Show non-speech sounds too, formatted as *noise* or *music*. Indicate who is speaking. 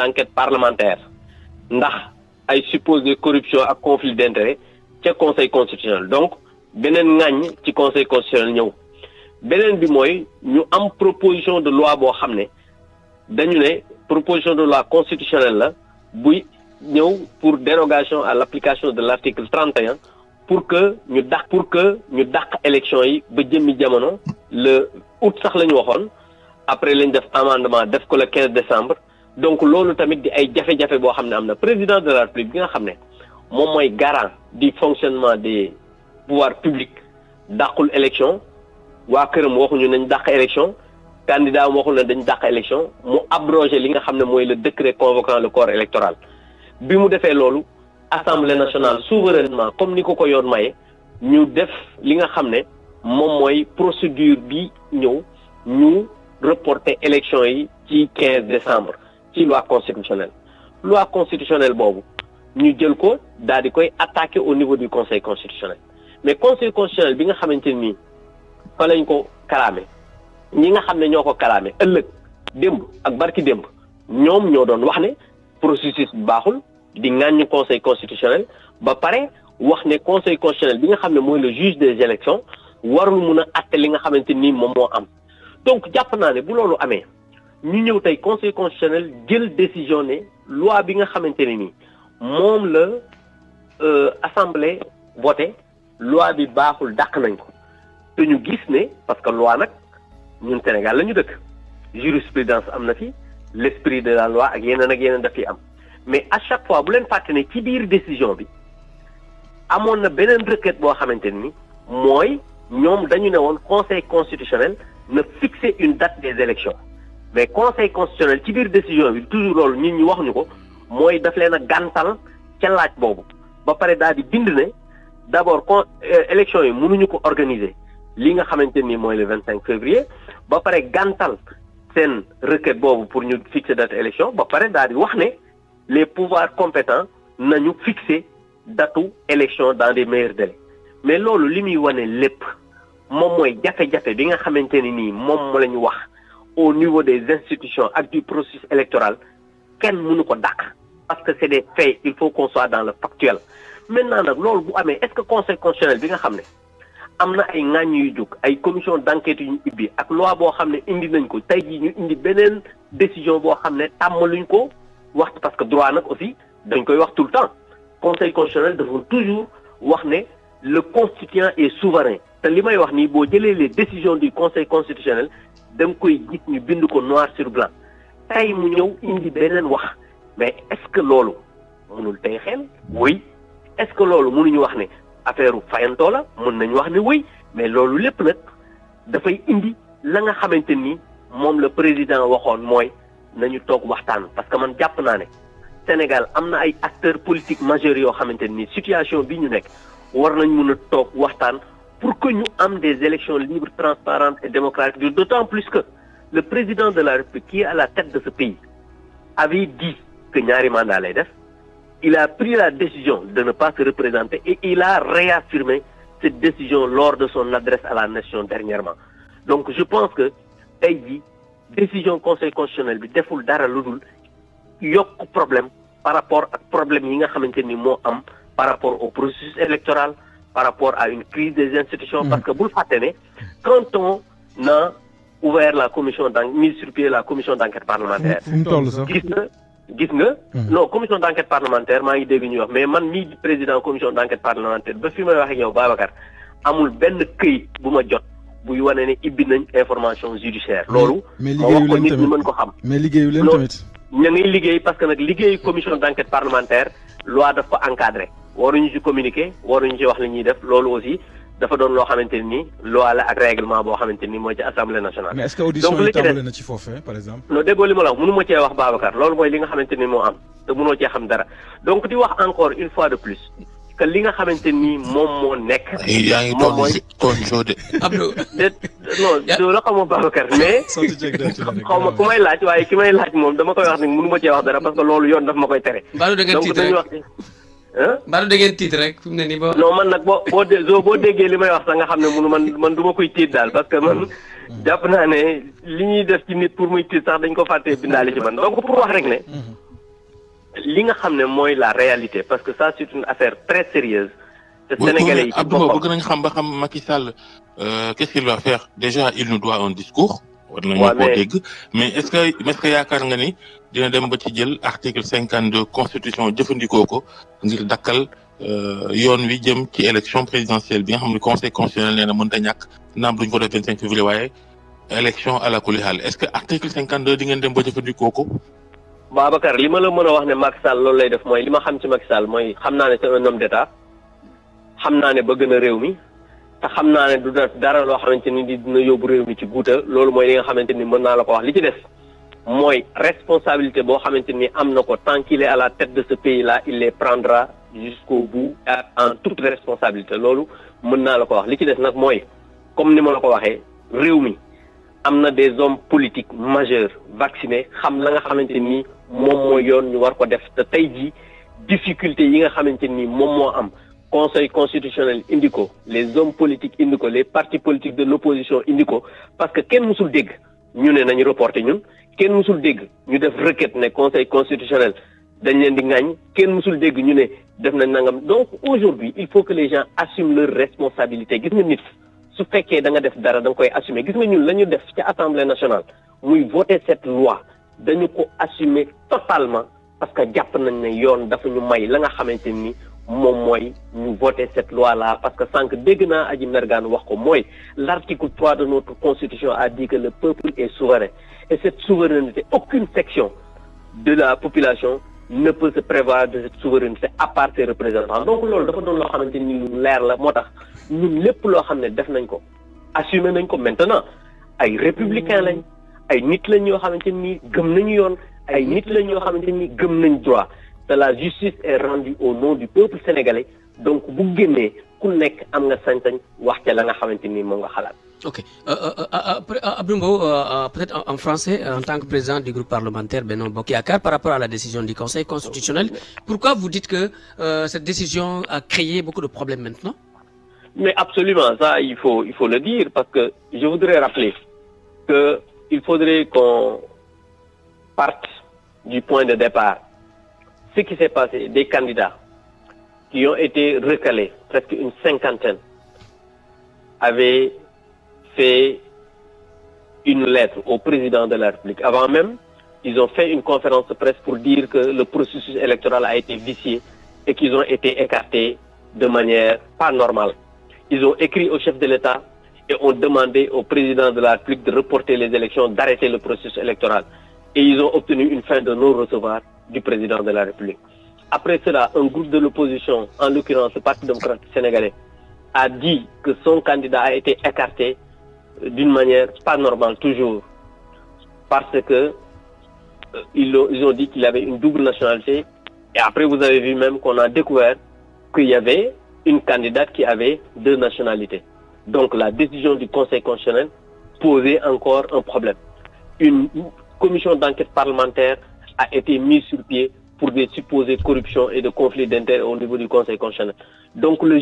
Speaker 1: d'enquête parlementaire ndax ay supposé corruption ak conflit d'intérêt ca conseil constitutionnel donc beneen ŋàññ ci conseil constitutionnel ñëw beneen bi mooy ñu am proposition de loi boo xam ne dañu ne proposition de loi constitutionnelle la buy ñëw pour dérogation à l'application de l'article 31 pour que ñu dàq pour que ñu dàq élection yi ba jëmmi jamono le août sax la ñu waxoon après lañ def amendement def ko le 15 décembre donc loolu tamit di ay jafe-jafe boo xam ne am na président de la république bi nga xam ne moom mooy garant di fonctionnement des pouvoirs publics dàqul élection waa këram waxuñu nañ dàq élection candidat am waxul ne dañ dàq élection mu abrogé li nga xam ne mooy le décret convoquant le corps électoral bi mu defee loolu assemblée nationale souverainement comme ni ko ko yoon maye ñu def li nga xam ne moom mooy procédure bi ñëw ñu reporter élection yi ci 15 décembre ci loi constitutionnelle loi constitutionnelle boobu ñu jël ko daal di koy attaqué au niveau du conseil constitutionnel mais conseil constitutionnel bi nga xamante nii fa lañ ko kalaame ñi nga xam ne ñoo ko kalaame ëllëg démb ak barki démb ñoom ñoo doon wax ne processus baaxul di ŋàññ conseil constitutionnel ba pare wax ne conseil constitutionnel bi nga xam ne mooy le juge des élections lu mun a atte li nga xamante nii moom moo am donc jàpp naa ne bu loolu amee ñu ñëw tey conseil constitutionnel jël décision ne loi bi nga xamante ne nii moom la euh, assemblée voté loi bi baaxul dàq nañ ko te ñu gis ne parce que loi nag ñun Sénégal la ñu dëkk jurisprudence am na fi l' esprit de la loi ak yeneen ak yeneen daf fi am mais à chaque fois bu leen fàtte ne ci biir décision bi amoon na beneen requête boo xamante ni mooy ñoom dañu ne woon conseil constitutionnel na fixer une date des élections mais conseil constitutionnel ci biir décision bi toujours loolu nit ñi wax ñu ko mooy daf leen a gàntal ca laaj boobu ba pare daal di bind ne d' abord con euh, élection yi mënuñu ko organiser li nga xamante ni mooy le vingt cinq février ba pare gantal seen requête boobu pour ñu fixer date élection ba pare daal di wax ne les pouvoirs compétent nañu fixer datu élection dans des meilleurs délais mais loolu li muy wane lépp moom mooy jafe-jafe bi nga xamante ni nii moom la ñu wax. au niveau des institutions ak du processus électoral kenn mënu ko dàq parce que c' des faits il faut qu'on soit dans le factuel maintenant nag loolu bu amee est ce que conseil constitutionnel bi nga xam ne am na ay ŋàññ yu jóg ay commission d' yu ñu ibbi ak loi boo xam ne indi nañ ko tey jii ñu indi beneen décision boo xam ne tàmmaluñ ko wax parce que droit nag aussi dañ koy wax tout le temps conseil constitutionnel dafa toujours wax ne le constituant est souverain te li may wax nii boo jëlee les décisions du conseil da nga koy gis ñu bind ko noir sur blanc tey mu ñëw indi beneen wax mais est-ce que loolu mënul tey xel oui est-ce que loolu mënuñu wax ne affaire fayantoo la mën nañu wax ne oui mais loolu lépp nag dafay indi la nga xamante ni moom la président waxoon mooy nañu toog waxtaan parce que man jàpp naa ne Sénégal am na ay acteurs politique majeurs yoo xamante nii situation bi ñu nekk war nañ mën a toog waxtaan pour que ñu am des élections libres transparentes et démocratiques d'autant plus que le président de la République qui est à la tête de ce pays avait dit que ñaari mandat lay def il a pris la décision de ne pas se représenter et il a réaffirmé cette décision lors de son adresse à la nation dernièrement donc je pense que tey jii décision conseil constitutionnel bi deful dara lu dul yokk problème par rapport ak problème yi nga xamante ni moo am par rapport au processus électoral par rapport à une crise des institutions. Hmm. Parce que vous le savez, quand on a ouvert la commission d'enquête, mis sur la commission d'enquête parlementaire. gis nga gis nga. Hmm. non commission d'enquête parlementaire maa ngi dégg ñuy wax mais man mii di président commission d'enquête parlementaire ba fi may wax ak yow Babacar amul benn këyit bu ma jot. buy wane ne ibbi nañ information judiciaire. Hmm. loolu ma wax ko ko xam. mais liggéeyu leen tamit. ña ngi liggéey que nag liggéeyu commission d'enquête parlementaire loi daf ko waruñu ci communiquer waruñu ci wax li ñuy def loolu aussi dafa doon loo xamante ni loi la ak règlement boo xamante ni mooy ci assemblée nationale. mais est-ce que audition yi tàmbale na ci foofee par exemple. donc di wax encore une fois de plus. que li nga xamante ni moom moo nekk. yaa ngi toog si tonso de. Abdou non xamoo Babacar mais. *laughs* xaw ma ku may laaj waaye ki may laaj moom dama koy wax ni mënu ma cee wax dara parce que loolu yoon daf ma koy tere. donc dañuy wax mbaa da ngeen tiit rek fi mu ne nii ba. non man nag boo boo dé boo déggee li may wax sax nga xam ne munu man man du koy tiit daal parce que man. Mm. jàpp naa ne li ñuy def ci nit pour muy tiit sax dañ ko fàttee bindaale ci man donc pour wax rek ne. Mm-hmm. li nga xam ne mooy la réalité parce que ça c'est une affaire très sérieuse te Sénégalais yi ci boppam Abdoulaye bëgg nañ xam ba xam Macky Sall euh, qu'est-ce qu'il déjà il nous doit un discours. war nañu koo dégg mais est-ce que est-ce que yaakaar nga ni dina dem ba ci jël article cinquante deux constitution jëfandikoo ko ngir dakkal euh, yoon wi jëm ci élection présidentielle bi nga xam ne conseil constitutionnel nee mën mënut a ñàkk naam duñ ko def vingt cinq février waaye élection à la est-ce que article cinquante deux di ngeen dem ba jëfandikoo ko. Babacar li ma la mën a wax ne Macky Sall loolu lay def mooy li ma xam ci Macky saal mooy xam naa ne c'est un xam naa ne bëgg na réew mi. te xam naa ne du def dara loo xamante ni dina yóbbu réew mi ci guuta loolu mooy li nga xamante ni mën naa la ko wax li ci des mooy responsabilité boo xamante ni am na ko tant à la tête de ce pays là il les prendra jusqu'au bout en toute responsabilité loolu mën naa la ko wax li ci des nag mooy comme ni ma la ko waxee réew mi am na des hommes politiques majeurs vaccinés xam na nga xamante nii moom mooy yoon ñu war ko def te tey jii difficulté yi nga xamante ni moom moo am conseil constitutionnel indi ko les hommes politiques indi ko les partis politiques de l'opposition indi ko parce que kenn musul dégg ñu ne nañu reporter ñun kenn musul dégg ñu def requête ne conseil constitutionnel dañ leen di ŋaañ kenn musul dégg ñu ne def na nangam donc aujourd'hui il faut que les gens assument leur responsabilité gis nga nit su fekkee danga def dara da koy assumer gis nga ñun la def ca assemblée nationale muy voter cette loi dañu ko assumer totalement parce que jàpp nañ ne yoon dafa ñu may la nga xamante ni moom mooy ñu voter cette loi là parce que sànq dégg naa Adji Mergane wax ko mooy l'article trois de notre constitution a dit que le peuple est souverain et cette souveraineté aucune section de la population ne peut se prévoir de cette souveraineté à part ses représentants donc loolu dafa doon loo xamante ni lu leer la moo tax ñun lépp loo xam ne def nañ ko assumer nañ ko maintenant ay républicain lañ ay nit lañ ñoo xamante nii gëm nañu yoon ay nit lañ ñoo xamante ni gëm nañ droit que la justice est rendue au nom du peuple sénégalais donc bu génnee ku nekk am nga sañ-sañ wax ca la nga xamante ni moom nga xalaat. ok euh, euh, euh, Abdou Mbow peut-être en français en tant que président du groupe parlementaire Benno Bokk Yaakaar par rapport à la décision du Conseil constitutionnel pourquoi vous dites que cette décision a créé beaucoup de problèmes maintenant. mais absolument ça il faut il faut le dire parce que je voudrais rappeler que il faudrait parte du point de départ. ce qui s'est passé, des candidats qui ont été recalés, presque une cinquantaine, avaient fait une lettre au président de la République. Avant même, ils ont fait une conférence de presse pour dire que le processus électoral a été vicié et qu'ils ont été écartés de manière pas normale. Ils ont écrit au chef de l'État et ont demandé au président de la République de reporter les élections, d'arrêter le processus électoral. et ils ont obtenu une fin de non-recevoir du président de la République. Après cela, un groupe de l'opposition, en l'occurrence le Parti démocrate sénégalais, a dit que son candidat a été écarté euh, d'une manière pas normale toujours, parce que euh, ils, ont, ils ont dit qu'il avait une double nationalité. Et après, vous avez vu même a découvert qu'il y avait une candidate qui avait deux nationalités. Donc la décision du Conseil constitutionnel posait encore un problème. commission d'enquête parlementaire a été mise sur pied pour des supposées corruptions et de conflits d'intérêts au niveau du Conseil constitutionnel. Donc le